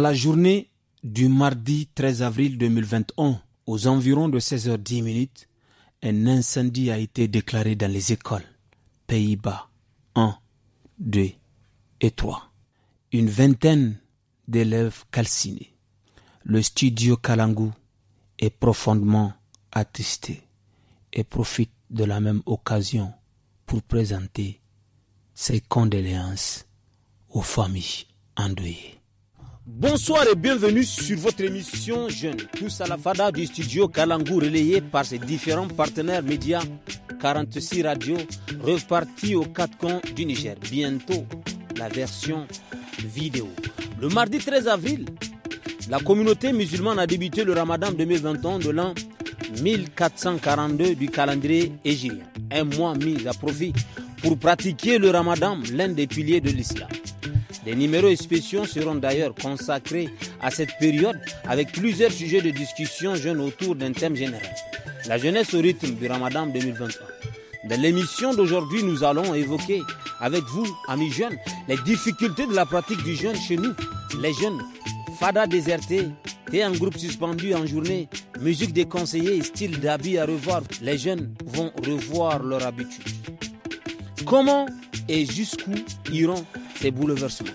la journée du mardi 13 avril 2021, aux environs de 16h10, un incendie a été déclaré dans les écoles. Pays-Bas 1, 2 et 3. Une vingtaine d'élèves calcinés. Le studio Kalangu est profondément attristé et profite de la même occasion pour présenter ses condoléances aux familles endeuillées. Bonsoir et bienvenue sur votre émission Jeune, tous à la fada du studio Kalangou relayé par ses différents partenaires médias, 46 radios repartis aux quatre coins du Niger. Bientôt, la version vidéo. Le mardi 13 avril, la communauté musulmane a débuté le ramadan 2021 de l'an 1442 du calendrier égyptien. Un mois mis à profit pour pratiquer le ramadan, l'un des piliers de l'islam. Des numéros spéciaux seront d'ailleurs consacrés à cette période avec plusieurs sujets de discussion jeunes autour d'un thème général. La jeunesse au rythme du Ramadan 2023. Dans l'émission d'aujourd'hui, nous allons évoquer avec vous, amis jeunes, les difficultés de la pratique du jeûne chez nous. Les jeunes, fada désertés, et en groupe suspendu en journée, musique déconseillée style d'habit à revoir. Les jeunes vont revoir leur habitude. Comment et jusqu'où iront ces bouleversements.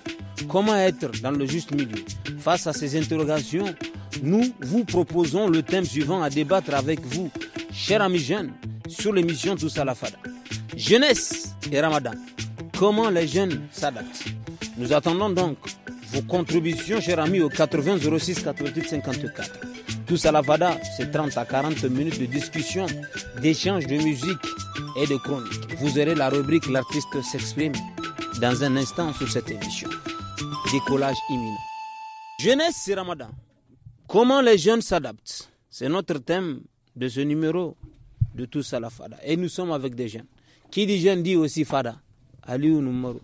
Comment être dans le juste milieu Face à ces interrogations, nous vous proposons le thème suivant à débattre avec vous, chers amis jeunes, sur l'émission Tous à la Jeunesse et Ramadan. Comment les jeunes s'adaptent Nous attendons donc vos contributions, chers amis, au 80 06 88 54. Tous à la fada, c'est 30 à 40 minutes de discussion, d'échange de musique et de chronique. Vous aurez la rubrique L'artiste s'exprime dans un instant sur cette émission. Décollage imminent. Jeunesse, c'est Ramadan. Comment les jeunes s'adaptent C'est notre thème de ce numéro de Tous à la Fada. Et nous sommes avec des jeunes. Qui dit jeune dit aussi Fada. Aliou numéro.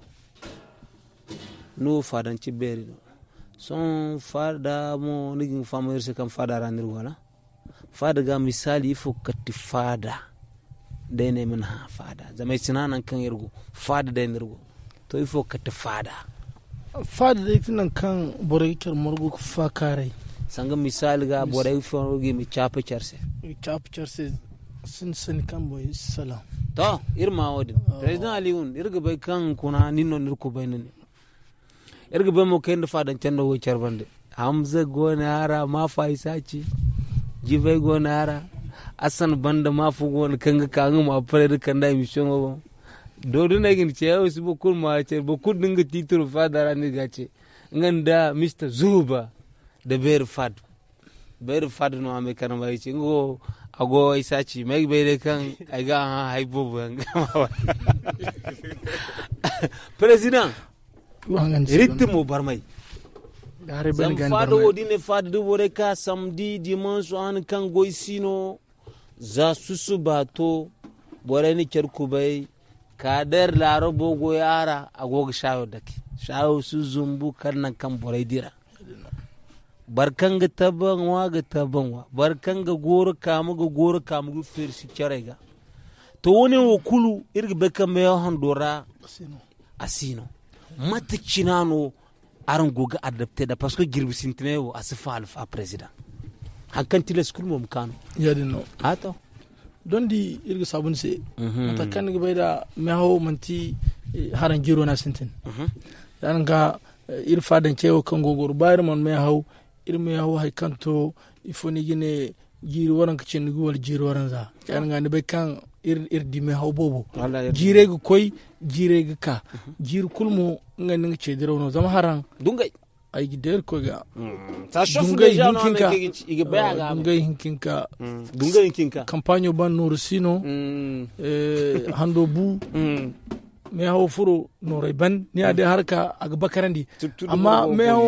Nous, Fada, Tibéri. son fada mo nigi famoyir se kam fada ranir wala fada ga misali ifo katti fada dene min ha fada zama sinanan kan yirgo fada daynirgo to ifo katti fada fada da tunan kan borai kyar morgo fa kare sanga misali ga borai fo gi mi chapa charse chapa charse sun sun kan boy salam to irma wadin oh. president aliun irga bai kan kuna ninno nirku bai ne irga bai mokai da fadan wucar ban da hamza gonara ma faisa ci gona hara asan banda ma fu kan ga kanga ma pare kanda emission wo dodo na gin ce yau su bukun ma ce bukun dinga fada fadara ga ce ngan da mr zuba da bear fad bear fad no ame kan mai ce ngo ago isa ci mai bai kan ai ga ha haibo ban president rythme barmay zam fado wodine du wore ka samdi dimanche an kan goy sino za susu bato bore ni kerkubai ka der laro bogo yara agogo shayo dake shayo su zumbu na kan bore dira barkan ga taban wa ga taban wa barkan ga goro kamu ga goro kamu ga firsi kerega to woni wo kulu irga beka dora a asino mata cinano aran goga adapte da parce que girbi sintine wo asifa alfa president hankan tilas kulmo mukano yadin no ato don di irga sabun se mata mhm. kan ga bai me ho manti eh, haran giro na sintin dan mhm. ga eh, irfa dan cewo kan gogor bayar ir me ho hay kanto ifoni gine jiri waran ka cin guwal jiri waran za kan ga be kan ir ir di me haw bobo jire ga koy jire ga ka jir kulmu nga ninga ce diraw no zama haran dungai ay gi der ko ga ta shof ga ja no me ke igi ba ga dungai hinkinka dungai hinkinka kampanyo ban nur sino eh hando bu me haw furo noray ban ni ade harka aga bakarandi amma me haw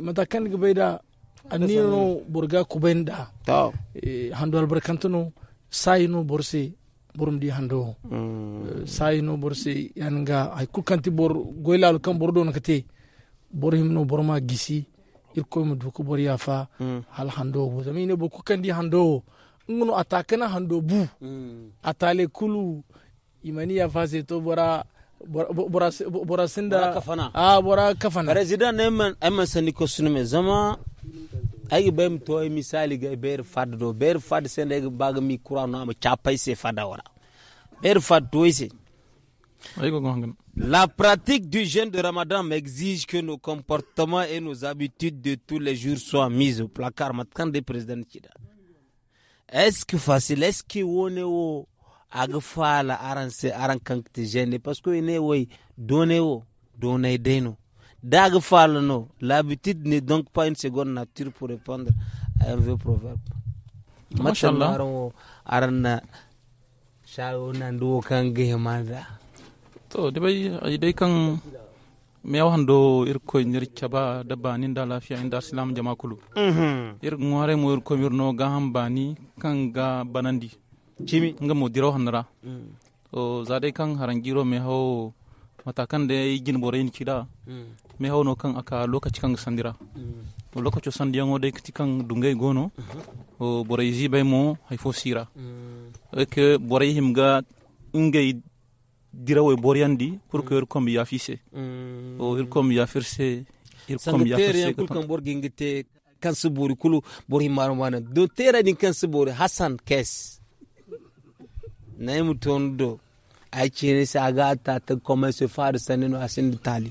matakan ga bai da anino burga kubenda to e, hando albarkantuno sayino borse borum di hando hmm. e, sayino borse yanga ay kulkanti bor goylal kan bordo nakate bor himno borma gisi irko mu duku bor yafa hmm. hal hando bu zamine bo kukandi hando ngono atakana hando bu hmm. atale kulu imani yafa se to bora bora sinda bora kafana ah bora kafana president neman amma saniko sunume zama ay bem toy misali ga ber fad do ber fad sende baga mi qur'an am chapay se fada ora ber fad toy se la pratique du jeûne de Ramadan exige que nos comportements et nos habitudes de tous les jours soient mis au placard. Est-ce que facile? Est-ce que on est au agfala aran se aran kankte jeûne? Parce que on est au donné au donné deno. Dagfalno. L'habitude n'est donc pas une seconde nature pour répondre à un vieux proverbe. Machallah. Arana. Shawo nandu kan gehmada. To dai dai kan me yawan do irko nir caba da bani da inda islam jama kulu mhm. ir ngware mo irko mir no ga ham bani kan ga banandi chimi nga mo diro hanra mm. o zade kan harangiro me ho matakan de yi bore borin kida mm. me hawno kan aka lokaci kan sandira mm. o lokaco sandiyaŋode kiti kan dungey gono mm-hmm. o borey jibay mo hay fo sira mm. eke borey himga ingey dirawo boryandi pour que mm. hirkom yafise o hirkom yafirse hirkom yafirse kulkan borgingite kan sibori kulu bor himarwana do teradin kan sibori hasan kes naimu tondo ay cine agata ta commence far sanino asin tali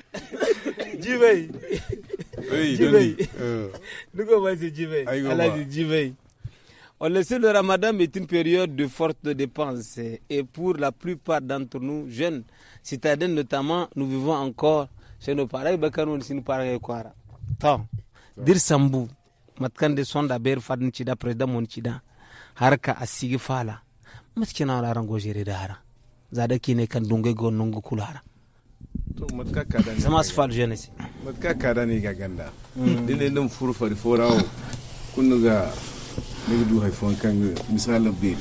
Jibey. Jibey. Eh. Nous commençons c'est Allah dit Jibey. On le sait, le ramadan est une période de forte dépense. Et pour la plupart d'entre nous, jeunes, citadins notamment, nous vivons encore chez nos parents. Bakanoun, si nous parlons quoi. Tant. Dir Sambou. matkan de sonda ber fadin cida presda mon cida harka Asigifala. fala maskina la rango jere zada kine kan dunge go kulara to matka kada ne sama su falu jenesi matka kada ne ga ganda mm. dine nan furu fari forawo kunu ga nigi du haifon kan misalin bil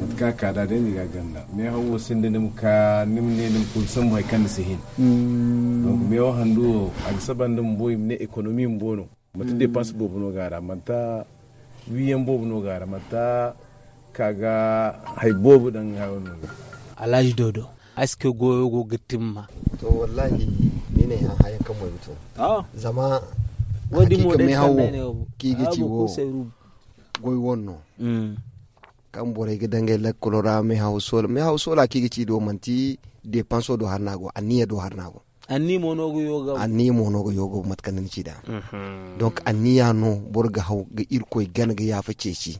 matka mm. kada da ne ga ganda me hawo sin da nim ka nim ne nim kun san mai kan hin. Mm. donc me wa handu a saban dim boy ne economy bono mata dépense bobu no gara mata wiyan bobu no gara mata kaga haibobu dan hawo no alhaji dodo aske goyo go ma. to wallahi ni ne ya hayan kan moyto zama wadi mo de hawo kigi ci wo goy wonno kan bore ga dange la kolora me hawo sol me hawo sola kike ci do manti panso do harnago aniya do harnago anni go yoga anni go yoga mat ni ci da mm-hmm. donc anniya no borga hawo ga irkoy gan ga yafa ceci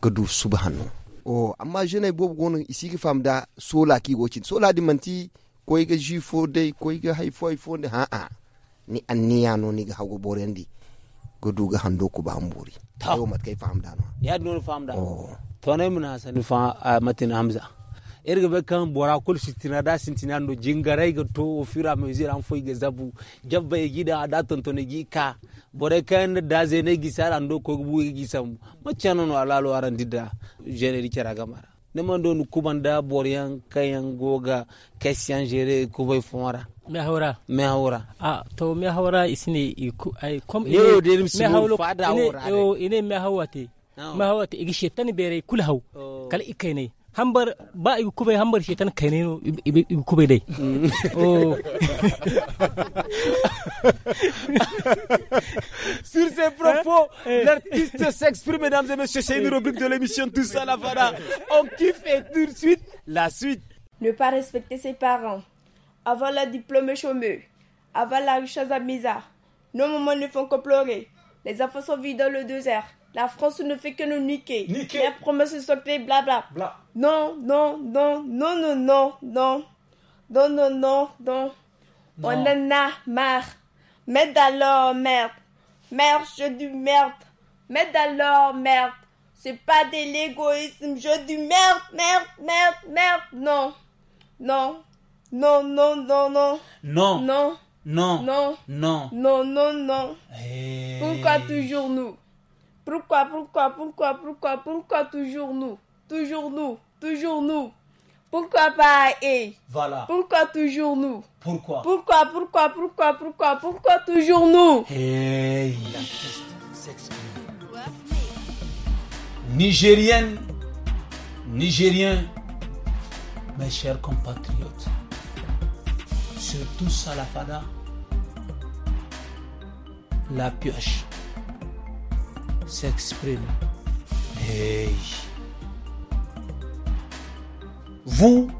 ga du subhanahu o amma jene bob ki fam da sola ki gocin sola di manti ko ga ji fo dai ko ga hay fo fo de ha a ni anniya no ni ga hago borendi go ga hando ko ba ambori tawo mat kai da no ya no fam da to ne mun hasan fa matin hamza erga be kan bora kul sitina da sintina no jingare ga to o me zira fo ga zabu jabba e gida da tonto ne gi ka bore kan da ze ne gi sara ndo ko bu e gi sam chano no alalo aran dida jere kera gamara ne mando don kubanda da boryan kayan goga kasiyan jere bay fomara me hawra me hawra ah to me haura isini iku ai kom ine yo de me hawlo fada hawra yo ine me hawate me hawate igi shetani bere kul haw oh. kala ikaine hambar ba hambar sur ces propos eh, eh. l'artiste s'exprime mesdames et messieurs c'est une rubrique de l'émission tout ça la on kiffe et tout de suite la suite ne pas respecter ses parents avant la diplôme chômeux avant la richesse à misère nos moments ne font que pleurer les enfants sont vus dans le désert la France ne fait que nous niquer. niquer. Les promesses sont blabla. Non, non, non, non, non, non, non. Non, non, non, non. On en a marre. Mais alors, merde. Merde, je du merde. Mais alors, merde. C'est pas de l'égoïsme, je dis merde, merde, merde, merde. Non. Non. Non, non, non, non. Non. Non. Non. Non. Non. Non, non, non. Eh. Pourquoi toujours nous pourquoi, pourquoi, pourquoi, pourquoi, pourquoi toujours nous Toujours nous, toujours nous. Pourquoi pas et eh? Voilà. Pourquoi toujours nous Pourquoi Pourquoi, pourquoi, pourquoi, pourquoi, pourquoi toujours nous Hey Nigérienne, Nigérien, mes chers compatriotes, surtout Salafada, la pioche s'exprime. Hey. Vous,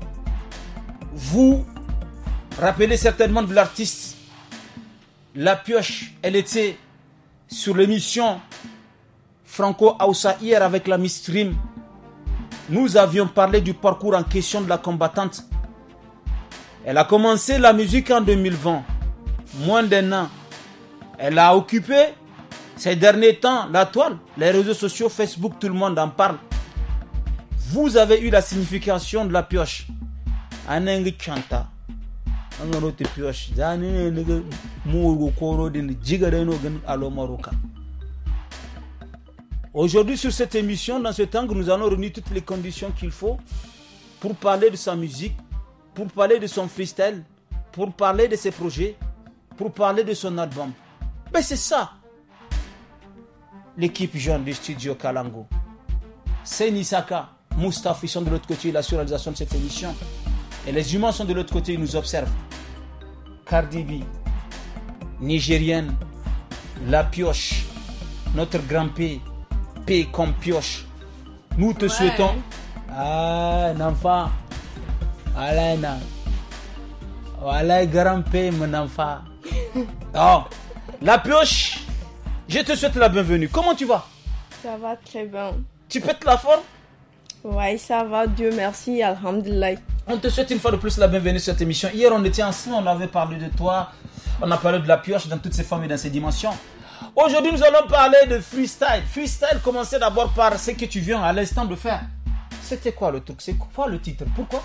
vous rappelez certainement de l'artiste La Pioche. Elle était sur l'émission Franco Aoussa hier avec la Miss Stream. Nous avions parlé du parcours en question de la combattante. Elle a commencé la musique en 2020, moins d'un an. Elle a occupé ces derniers temps, la toile, les réseaux sociaux, Facebook, tout le monde en parle. Vous avez eu la signification de la pioche. Aujourd'hui, sur cette émission, dans ce temps que nous allons réunir toutes les conditions qu'il faut pour parler de sa musique, pour parler de son freestyle, pour parler de ses projets, pour parler de son album. Mais ben, c'est ça, l'équipe jeune du studio Kalango. C'est Nisaka, Ils sont de l'autre côté, la surréalisation de cette émission. Et les humains sont de l'autre côté, ils nous observent. Cardi B, Nigérienne, La Pioche, notre grand P, Paix comme Pioche. Nous te souhaitons. Ah, Nampa. enfant. Alain. grand P, mon enfant. Oh, La Pioche. Je te souhaite la bienvenue. Comment tu vas Ça va très bien. Tu pètes la forme Ouais, ça va, Dieu merci, Alhamdulillah. On te souhaite une fois de plus la bienvenue sur cette émission. Hier, on était ensemble, on avait parlé de toi, on a parlé de la pioche dans toutes ses formes et dans ses dimensions. Aujourd'hui, nous allons parler de freestyle. Freestyle, commencez d'abord par ce que tu viens à l'instant de faire. C'était quoi le truc C'est quoi le titre Pourquoi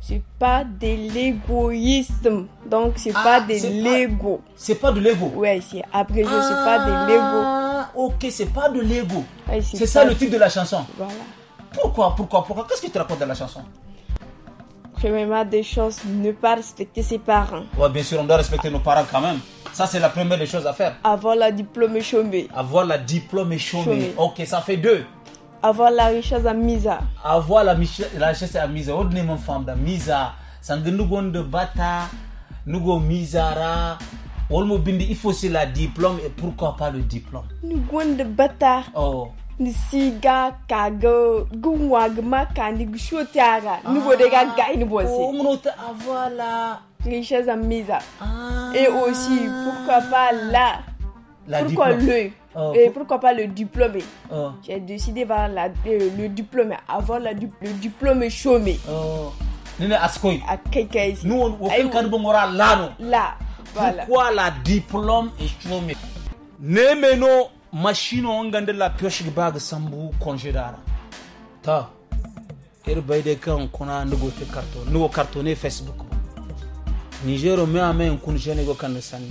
c'est pas de l'égoïsme. Donc, c'est pas ah, de l'ego. C'est pas de l'ego. Ouais, c'est Après, je c'est pas de ah, l'ego. Ok, c'est pas de l'ego. c'est ça le titre de la chanson. Voilà. Pourquoi, pourquoi, pourquoi Qu'est-ce que tu racontes dans la chanson Premièrement, des choses, ne pas respecter ses parents. Ouais, bien sûr, on doit respecter nos parents quand même. Ça, c'est la première des choses à faire. Avoir la diplôme chômée Avoir la diplôme et Ok, ça fait deux. Avoir la richesse à misa. Avoir la, richesse à misa. femme da misa. la de bata, nugo misara. Olmo bindi, il faut la diplôme et pourquoi pas le diplôme. de bata. Oh. nisiga Kago gumwagma kandi gushotara nugo ah, oh, avoir la richesse à ah. et aussi pourquoi pas la la pourquoi diplôme. le et euh, eh, pour... Pourquoi pas le diplômé euh. J'ai décidé vers la, euh, le diplômé, avant la, le diplômé chômé. Ah. Nene Askoy. À Kekaïs. Nous, on fait le moral là, non Là. Voilà. Pourquoi la diplôme est chômé Nemeno, machine, on gagne la pioche de bague sambou d'ara Ta. de kan kona n'ego te carton, nugo cartonné Facebook. Niger, on met un kunjé nego kan sani.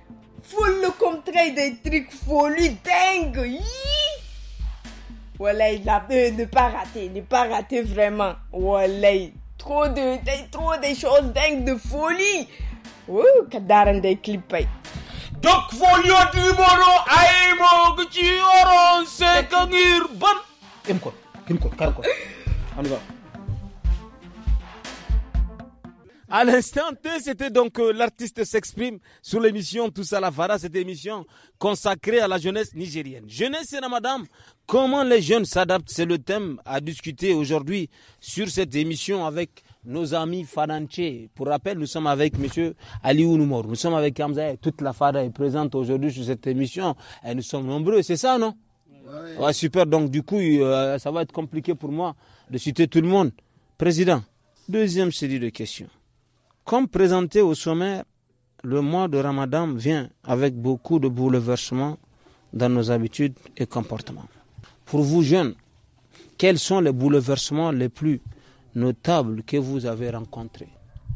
Foule le contraire des trucs folies, dingues. Hi voilà, il a ne pas rater, ne pas rater vraiment. Voilà, trop de, de trop des choses dingues de folie. Ouh, kadaran des clips. Donc folio du moro ay mo guci oron se kangir ban. Kim ko, kim ko, On y va. À l'instant c'était donc euh, l'artiste s'exprime sur l'émission Tout à la Fara, cette émission consacrée à la jeunesse nigérienne. Jeunesse et madame, comment les jeunes s'adaptent, c'est le thème à discuter aujourd'hui sur cette émission avec nos amis Faranché. Pour rappel, nous sommes avec Monsieur Ali Ounumor. nous sommes avec Hamza, toute la Farah est présente aujourd'hui sur cette émission et nous sommes nombreux, c'est ça non ouais. super, donc du coup, euh, ça va être compliqué pour moi de citer tout le monde. Président, deuxième série de questions. Comme présenté au sommet, le mois de Ramadan vient avec beaucoup de bouleversements dans nos habitudes et comportements. Pour vous jeunes, quels sont les bouleversements les plus notables que vous avez rencontrés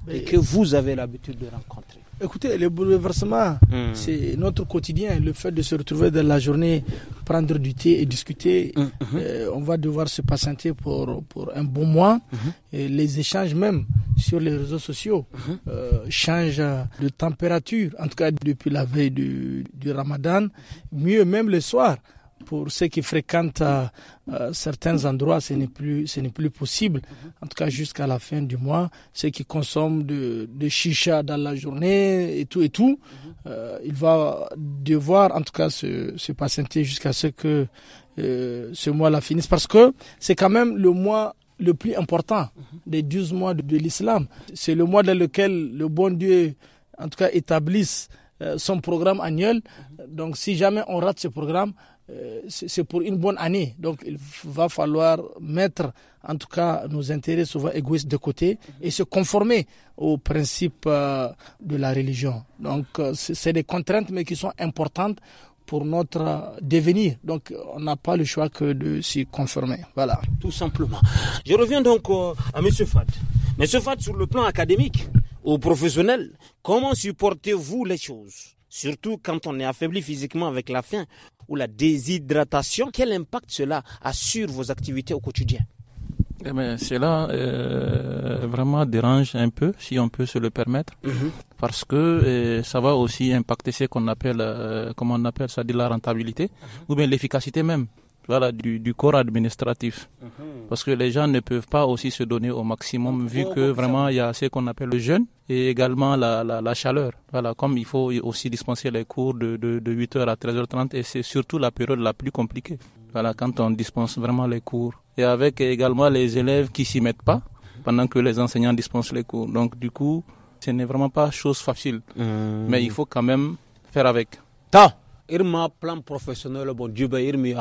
et que vous avez l'habitude de rencontrer Écoutez, le bouleversement, hmm. c'est notre quotidien. Le fait de se retrouver dans la journée, prendre du thé et discuter, hmm, hmm. Euh, on va devoir se patienter pour, pour un bon mois. Et les échanges même sur les réseaux sociaux euh, changent de température, en tout cas depuis la veille du ramadan, mieux même le soir pour ceux qui fréquentent euh, euh, certains endroits, ce n'est plus, ce n'est plus possible. Mhm. En tout cas, jusqu'à la fin du mois, ceux qui consomment de, chicha dans la journée et tout et tout, mhm. euh, il va devoir, en tout cas, se, patienter jusqu'à ce que ce mois-là finisse, parce que c'est quand même le mois le plus important mhm. des 12 mois de, l'islam. C'est le mois dans lequel le bon Dieu, en tout cas, établisse son programme annuel. Donc, si jamais on rate ce programme, euh, c'est pour une bonne année. Donc il va falloir mettre, en tout cas, nos intérêts souvent égoïstes de côté et se conformer aux principes euh, de la religion. Donc euh, c'est des contraintes, mais qui sont importantes pour notre devenir. Donc, on n'a pas le choix que de s'y conformer. Voilà. Tout simplement. Je reviens donc à M. Fad. M. Fad, sur le plan académique, ou professionnel, comment supportez-vous les choses surtout quand on est affaibli physiquement avec la faim ou la déshydratation, quel impact cela a sur vos activités au quotidien eh cela euh, vraiment dérange un peu, si on peut se le permettre, mhm. parce que euh, ça va aussi impacter ce qu'on appelle, euh, comment on appelle ça, de la rentabilité, mhm. ou bien l'efficacité même voilà, du, corps administratif. Uh-huh. Parce que les gens ne peuvent pas aussi se donner au maximum vu que vraiment il y a ce qu'on appelle le jeûne et également la, la, chaleur. Voilà, comme il faut aussi dispenser les cours de, de, 8h à 13h30 et c'est surtout la période la plus compliquée. Voilà, quand on dispense vraiment les cours. Et avec également les élèves qui s'y mettent pas pendant que les enseignants dispensent les cours. Donc du coup, ce n'est vraiment pas chose facile. Hmm. Mais il faut quand même faire avec. Ta, irma plan professionnel bon Dieu ben, irmi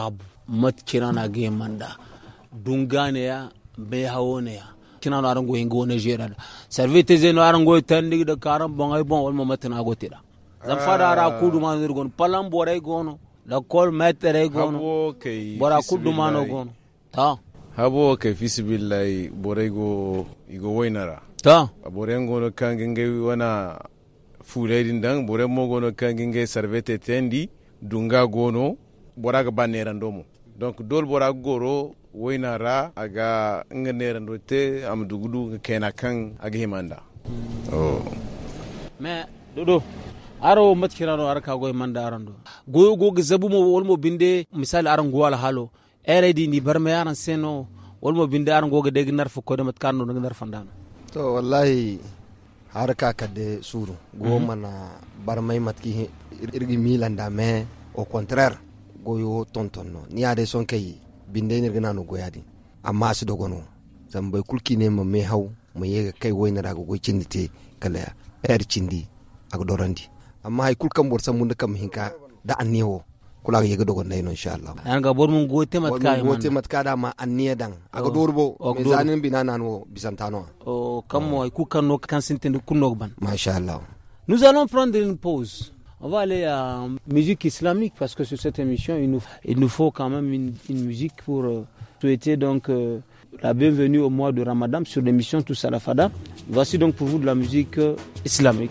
mat kirana ge manda ne ya hawoneya kinano arango hingo wone jerada servite zeno arango tandig da karam bongay bon wal mamata na da zan fara ra ah. kudu ma dir gon palam borai gono da kol metere gono bora kudu mano gono ta habo ke fisibillahi borai go igo wainara ta boray gono kangenge wana din dan borai mo gono kangenge servite tendi dunga gono bora ga baneran ndomo. donc dol bora goro woina ra aga nga nerando te am dugudu kena kan aga himanda oh me dodo aro matkirano arka goy manda arando goyo go gazabu mo wolmo binde misali aran gwala halo ere di ni barme aran seno wolmo binde aran go gade gnar fu kode matkarno gnar fandana to wallahi harka kade suru go mana barmai matki irgi milanda me au contraire goyo tonton n'o ni ade son kay binde ni gana no goyadi amma su no zan bai kulki ne ma me haw mu yega kai wayna daga goy cindite te kala er cindi ak dorandi amma hay kulkam bor san mun kam hinka da anniwo kula ga yega dogon dayno insha Allah an ga bor mun gote kay man gote matka kada ma anniya dan ak oh. dorbo zanin binana no bisantano o oh, kammo ay kukan no kan sintin kunno ban masha Allah nous allons prendre une pause On va aller à musique islamique parce que sur cette émission, il nous, il nous faut quand même une, musique pour euh, souhaiter donc euh, la bienvenue au mois de Ramadan sur l'émission Tout Voici donc pour vous de la musique euh, islamique.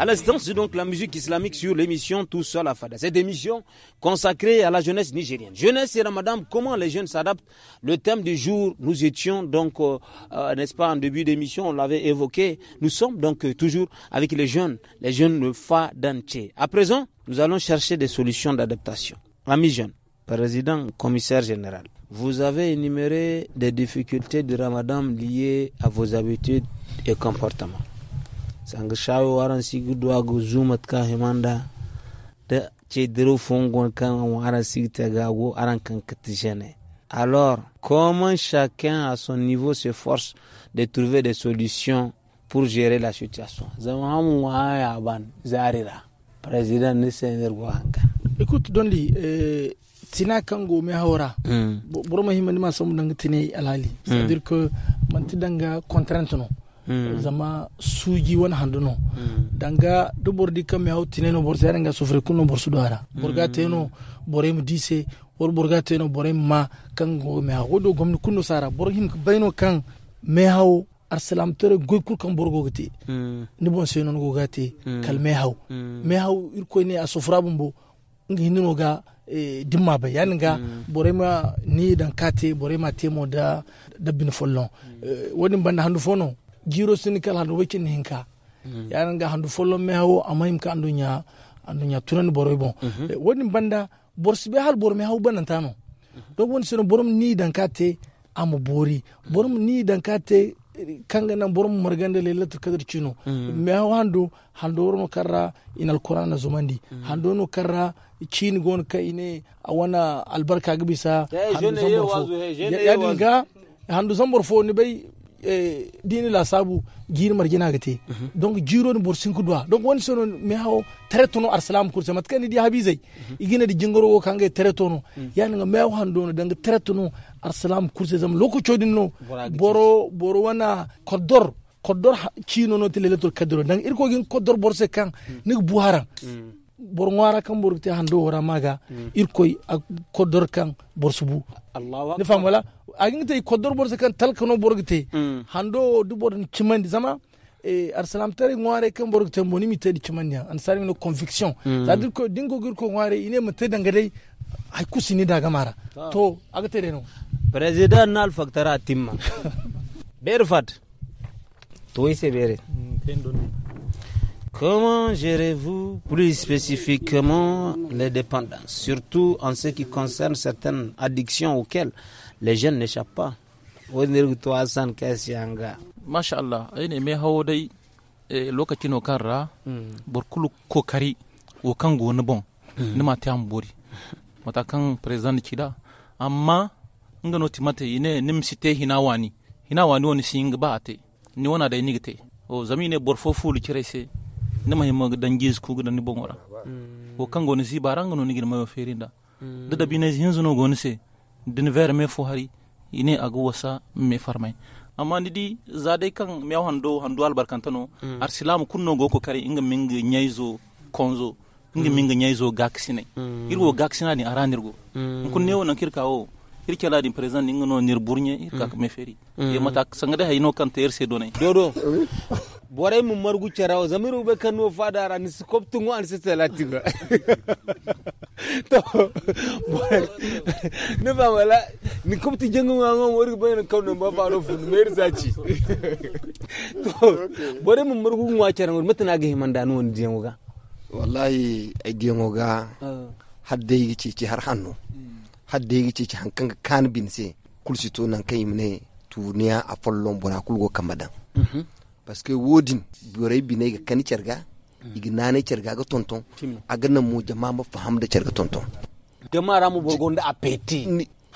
À l'instant, c'est donc la musique islamique sur l'émission Tout seul à Fada. Cette émission consacrée à la jeunesse nigérienne. Jeunesse et Ramadan, comment les jeunes s'adaptent Le thème du jour, nous étions donc, euh, euh, n'est-ce pas, en début d'émission, on l'avait évoqué. Nous sommes donc euh, toujours avec les jeunes, les jeunes de Fadanché. À présent, nous allons chercher des solutions d'adaptation. Amis jeunes, président, commissaire général, vous avez énuméré des difficultés de Ramadan liées à vos habitudes et comportements sanga shawe waran sigi go zumat ka himanda da che dero fongon kan waran sigi taga aran kan alors comment chacun à son niveau s'efforce de trouver des solutions pour gérer la situation zama hamu waya ban zarira président ne sener go hankan écoute donli euh tina kango me haura mm. boro mahimmanci ma alali c'est à dire que man tidanga contrainte non Mm. zama suji wani handuno mm. danga do bordi kam yaw no bor tare mm. ga sofre kuno bor sudara borga teno bore mu dise wor borga teno bore ma kan go mai hau wodo gomni kuno sara bor him bayno kan mai hau arsalam tore goy kul kan bor gogati ni bon se non gogati kal me haw me haw ir ko ne asofra bumbo ngi hinno ga e, dimma ba yani ga ma ni dan kate ma temo da da bin follon e, woni banda handu fono jiro sini kala handu wekin hinka mm. yaran ga handu folo mehawo hawo ka andu nya andu nya tunan boroy bon mhm. eh, woni banda be hal bor mehawo banan tano mhm. do woni sino borom ni dan kate amu bori mm. borom ni dan kate kanga nan borom margande le latu kadir chino me mm. handu handu worno karra inal qur'ana zumandi handu no karra chin gon ka ine awana albarka gbisa handu zambor fo handu zambor fo ni bay dini la sabu gir margina gate donc jiro ni borsin kudwa donc won sono me hawo teretono arsalam kurse matkani di habizai igina di jingoro wo kange teretono yani nga me hando no dang teretono arsalam kurse zam loko chodin no boro boro wana kodor kodor chino no tilele tul kadro dang irko gin kodor borse kan nig buharan bornwara kan borte hando wara maga mm. irkoy a kodor kan borsubu ni famola aginte kodor borse kan talkano borgte mm. hando du bodan kimandi sama. e arsalam tare ngware kan borgte moni mi tedi kimandi an sari no conviction ça mm. dire ko dingo girko ngware ine mate dangade ay kusini daga mara ah. to agate reno president nal faktara timma berfat to ise bere kendo Comment gérez-vous plus spécifiquement les dépendances, surtout en ce qui concerne certaines addictions auxquelles les jeunes n'échappent pas Masha'Allah, ayne me hawo dai eh, lokacin o kanra hmm. burkulu kokari wo kan goni bon hmm. nima ta bori mata kan president kida amma nga noti ine nim site hina wani hina wani woni singa ba ate ni wana de nigite o zamine borfo fulu kirese ne ma himo dan jis ku dan ni bongora ko kan goni si baranga no nigir mayo ferinda mm. da da bine hinzu no goni se din ver me fo hari ine agu wasa me farmai amma ni di zade kan me hando hando albarkantano mm. arsilamu kunno go ko kare inga ming nyaizo konzo inga mm. minga nyaizo gaksine irwo gaksina ni aranirgo kunne wona kirkawo irkela din ni ninga no burnye kak me feri e mata sangade hayno kan ter se do dodo borai mun margu cerao zamiru be kanu fadara ni skoptu ngo ansi telatiga to borai ne ba wala ni koptu jengu ngo wori be ne kanu ba ba ro fun mer zaci to borai mun margu ngo cerao mutuna ga himanda no woni jengu ga wallahi ai e jengu ga ah. hadde yi ci ci har hannu hmm. hadde yi ci ci hankan kan bin se kulsi to nan kai mune tuniya a follon bona kulgo kamadan mhm. parce que wodin borai binai ga kani carga igi nane carga ga tonton aga nan mu jama ma faham da carga tonton jama ramu borgon da apeti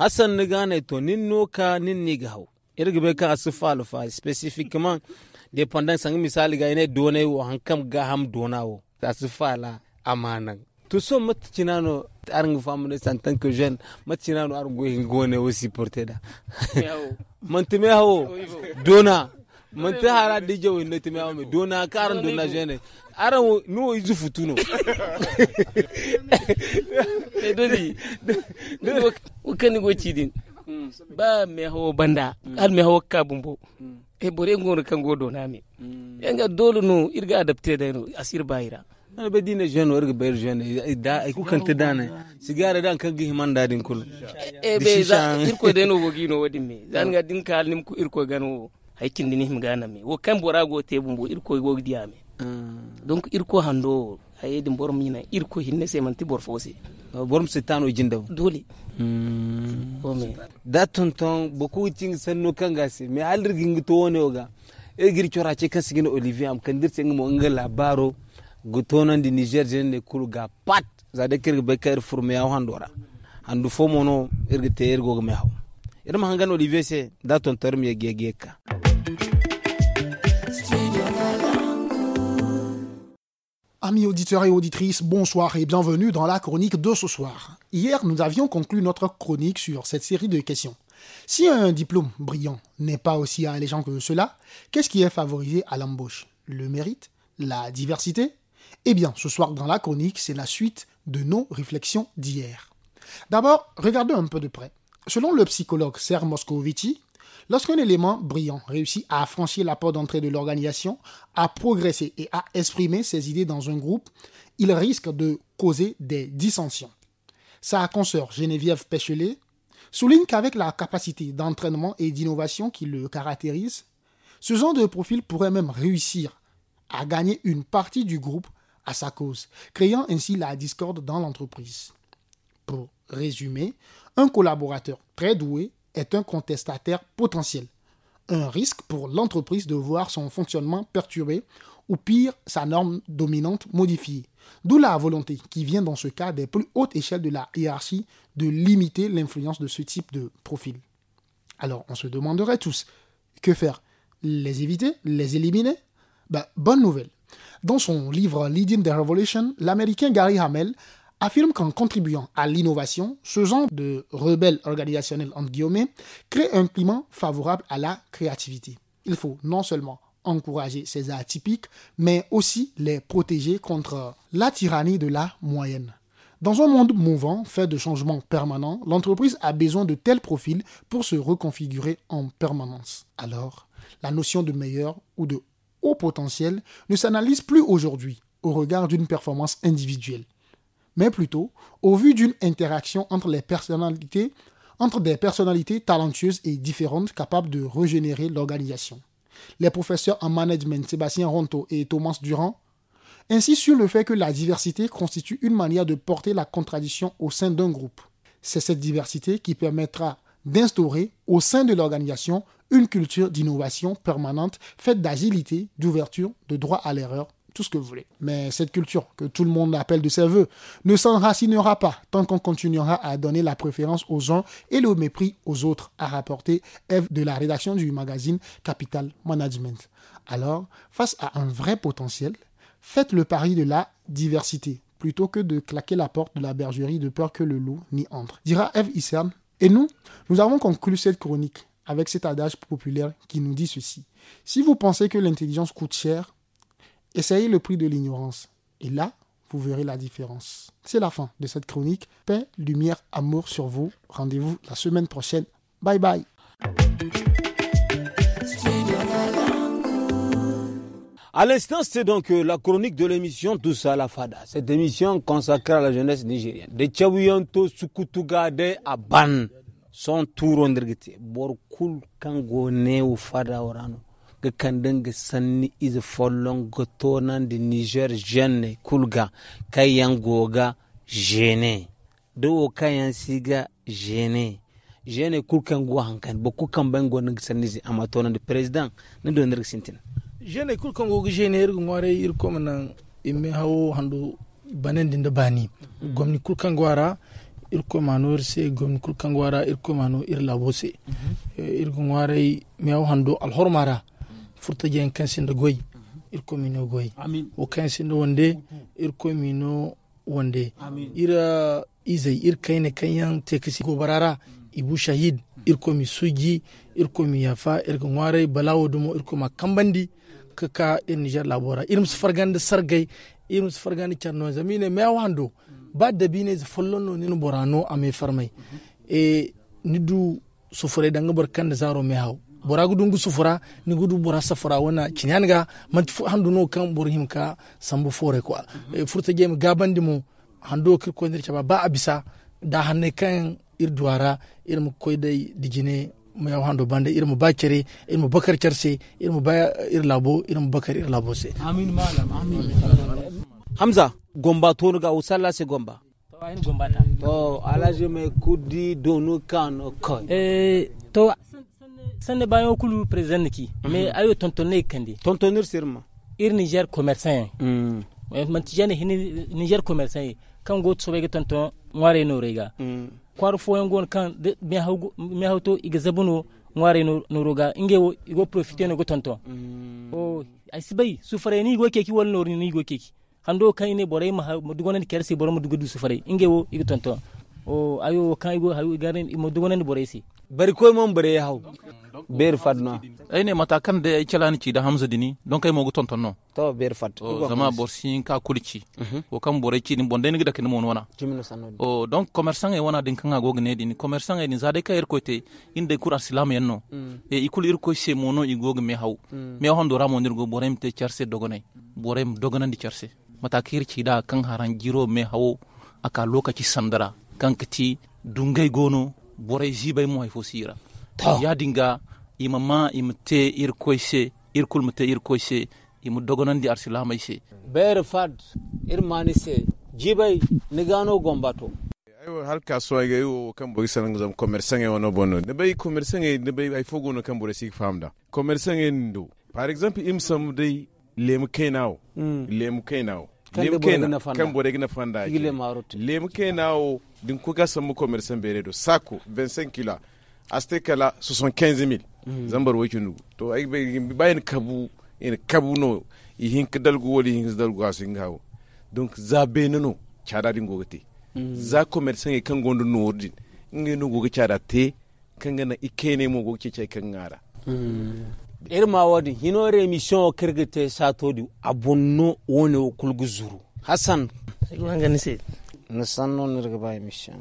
hasan ni gane to nin noka nin ni ga hau irga be ka asufa alfa specifically dépendant sang misali ga ne done wo hankam ga ham dona wo asufa la amanan to so matcinano arang famne en tant que jeune matcinano argo ngone wo supporter da mantime hawo dona mun ta hara dije wo ne mai amma dona karan dona jene aran no izu no e doli o kan go cidin ba me ho banda mm. al me ho kabumbo mm. e eh, bore ngoro kan go dona mi mm. yanga dole no irga adapte da no asir bayira ana be dina jeune orga bayir jeune da ay ku kanta dana sigara dan kan gi man din kul e eh, be za irko de no no wadi me zan ga din kal nim ku irko gano haikin dini him gana me wo kan bora go te bumbu irko go diya me mm. donc irko hando haye din borom mina irko hinne se man ti bor fose borom sitano e jindaw dole mm. ome da tonton boku ting no kanga se me aldir ging to woni ga e gir chora che kan sigino olivier am kan mo ngala baro go tonan di niger kul ga pat za de kirbe kair furme yaw handora handu fo mono irgite irgo me haa Amis auditeurs et auditrices, bonsoir et bienvenue dans la chronique de ce soir. Hier, nous avions conclu notre chronique sur cette série de questions. Si un diplôme brillant n'est pas aussi alléchant que cela, qu'est-ce qui est favorisé à l'embauche Le mérite La diversité Eh bien, ce soir dans la chronique, c'est la suite de nos réflexions d'hier. D'abord, regardons un peu de près. Selon le psychologue Ser Moscovici, Lorsqu'un élément brillant réussit à franchir la porte d'entrée de l'organisation, à progresser et à exprimer ses idées dans un groupe, il risque de causer des dissensions. Sa consoeur Geneviève Péchelet souligne qu'avec la capacité d'entraînement et d'innovation qui le caractérise, ce genre de profil pourrait même réussir à gagner une partie du groupe à sa cause, créant ainsi la discorde dans l'entreprise. Pour résumer, un collaborateur très doué est un contestataire potentiel. Un risque pour l'entreprise de voir son fonctionnement perturbé ou pire, sa norme dominante modifiée. D'où la volonté, qui vient dans ce cas des plus hautes échelles de la hiérarchie, de limiter l'influence de ce type de profil. Alors on se demanderait tous, que faire Les éviter Les éliminer ben, Bonne nouvelle. Dans son livre Leading the Revolution, l'Américain Gary Hamel affirme qu'en contribuant à l'innovation, ce genre de rebelle organisationnel, entre guillemets, crée un climat favorable à la créativité. Il faut non seulement encourager ces atypiques, mais aussi les protéger contre la tyrannie de la moyenne. Dans un monde mouvant, fait de changements permanents, l'entreprise a besoin de tels profils pour se reconfigurer en permanence. Alors, la notion de meilleur ou de haut potentiel ne s'analyse plus aujourd'hui au regard d'une performance individuelle, mais plutôt au vu d'une interaction entre les personnalités, entre des personnalités talentueuses et différentes capables de régénérer l'organisation. Les professeurs en management Sébastien Ronto et Thomas Durand insistent sur le fait que la diversité constitue une manière de porter la contradiction au sein d'un groupe. C'est cette diversité qui permettra d'instaurer au sein de l'organisation une culture d'innovation permanente faite d'agilité, d'ouverture, de droit à l'erreur, tout ce que vous voulez. Mais cette culture que tout le monde appelle de ses voeux ne s'enracinera pas tant qu'on continuera à donner la préférence aux uns et le mépris aux autres, a rapporté Eve de la rédaction du magazine Capital Management. Alors, face à un vrai potentiel, faites le pari de la diversité plutôt que de claquer la porte de la bergerie de peur que le loup n'y entre, dira Eve Isern. Et nous, nous avons conclu cette chronique avec cet adage populaire qui nous dit ceci. Si vous pensez que l'intelligence coûte cher, Essayez le prix de l'ignorance. Et là, vous verrez la différence. C'est la fin de cette chronique. Paix, lumière, amour sur vous. Rendez-vous la semaine prochaine. Bye bye. À l'instant, c'est donc euh, la chronique de l'émission Tous la Fada. Cette émission consacrée à la jeunesse nigérienne. De Tchawiyanto Sukutugade Aban. son tour Borkul Kangone ou Fada Orano. ga kandin ga sanni izi follon ga tonan da niger jenne kulga kayan goga jene dawo kayan siga jene jene kulkan go hankan ba kukan ban go ga sanni zi amma tonan da president na do nirg sintin jene kulkan go jene irgo ngware irko manan imme hawo handu banen din da bani gomni kulkan gwara irko mano irse gomni kulkan gwara irko mano ir labose mhm. eh, irgo ngware miaw handu alhormara furta jen kansin da goyi mhm. irkomino goyi o kansin da wande irko wande ira izai irkai ne kanyan tekisi gobarara mm. ibu shahid mm. irko mi sugi irko yafa irko warai balawo dumo irko kambandi kaka in nijar labora irin su da sargai irin su farganda zami zamine me wando mm. ba da bi ne zafallon ni borano ame farmai mm-hmm. e nidu sufure dangabar kan da zaro mai hau bora gudun gusu fura ni gudu bora safara wana kinyanga man fu handu no kan bora him ka sambu fore ko mhm. e furta game gabandi mu hando kir ko ndir ba abisa da hanne kan ir duwara ir mu koy dai digine mu yaw hando bande ir mu bakere ir mu bakar charse ir mu ba ir labo ir mu bakar ir labo se amin malam amin hamza gomba tonu ga usalla se gomba to alaje me kudi donu kan ko e to sẽn bã yõ kulu président ki mais mhm. a yoo tõn-tõnd ne kẽnde tõn-tõnd d sɩrmã ir niger commerçant ye mam tɩ jane niger commerçant ye kan go tsobege tõn-tõn wãre noorega koar fo yẽ goon kãn miaho to ig zabuno wãre nooroga n ge i go profite no go tõn-tõn a sibay sufare ni go keki wall noor ni i go keki hando kan ine bora ma dugõnad kɛrse bora ma duga sufare n wo ig tonton o ayo kan ibo hayu garin imo dogonen boresi bari koy mon bare haw ber fadna ay ne mata kan de ay calani ci da hamza dini don ay mogu tonton no to ber fat o zama borsin ka kulci mhm. o kan bore ci din bonde ni da kin mon wana o donc commerçant e wana din kan ago ne dini commerçant e din zade ka er koyte inde kura islam yenno mm. e ikul ir er ko se mono igo me haw mm. me hondo ramo ndir go borem te charse dogone borem dogonan di charse mata kirci er da kan haran jiro me haw aka lokaci sandara kankati dungai gono borai zibai mo haifo sira ya dinga ima ma ima te ir koise ir kul mate ir koise ima dogonandi arsilamai se ber fad ir mani se jibai nigano gano gombato aiwa halka kasuwa ga yiwo kan bori sanan zam commerçant wono bonno ne bay commerçant ne bay ay fogono kan bori sik famda commerçant ndo par exemple im sam dai lemu kenao mm. lemu kenao lem kena kan bore ile marut lem kena o din ko ga samu commerçant bere do sako 25 kilo aste kala 75000 zambar wake nu to ai bayan kabu in kabu no ihin kidalgu wali hin kidalgu asin gawo donc za benano chada din gogote mhm. za commerçant kan gondo no ordin ngi no gogo chada te kan gana ikene mo gogo ce kan ngara mhm. ma wadi hino remission kirgite di abonno woni kulgu zuru hasan wangani se nisanno nirga bay mission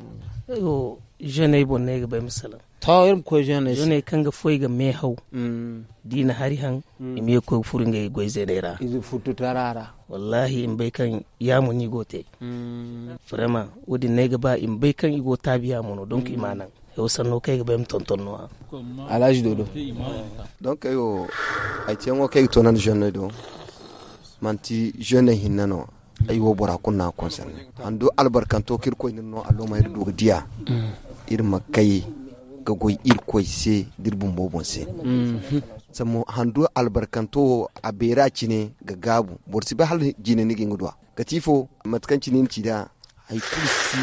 yo jene bonne ga bay misalan to irin ko jene jene kanga foi ga me hau mm. dina hari han me mm. ko furinga goy zenera izu futu tarara wallahi in bai kan ya mun yi gote vraiment mm. wodi nega ba in bai kan o tabiya mono donc imanan yo sanno kayga ɓem tontonnoa alage ɗo ɗo donc yo ay tiyango kayga tonan jeune ɗo manti jeune hinnano ay wo bora kunna concerné an do ko kirkoynirno alloma yer duga diya irma kaye ga goy irkoy se dirbum bobon se samo handu albarkanto a bera cine ga gabu borsi ba hal jine ni gingu dwa katifo matkan cinin cida ay kursi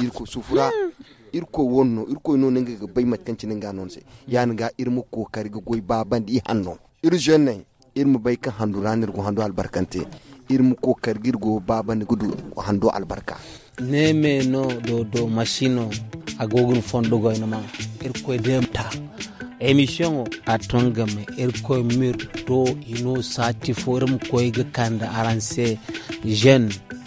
min ko sufura irko wonno irko no nanga ga bai matkanci nga nonse ya nga irmu kokari ga goy babandi i hanno iru jenne irmu bai kan handu ranir go handu albarkante irmu kokari go babandi gudu handu albarka neme no do do machino agogun fondo ina ma irko demta émission o a tongame er mur ino sati forum ga kanda aranse jeune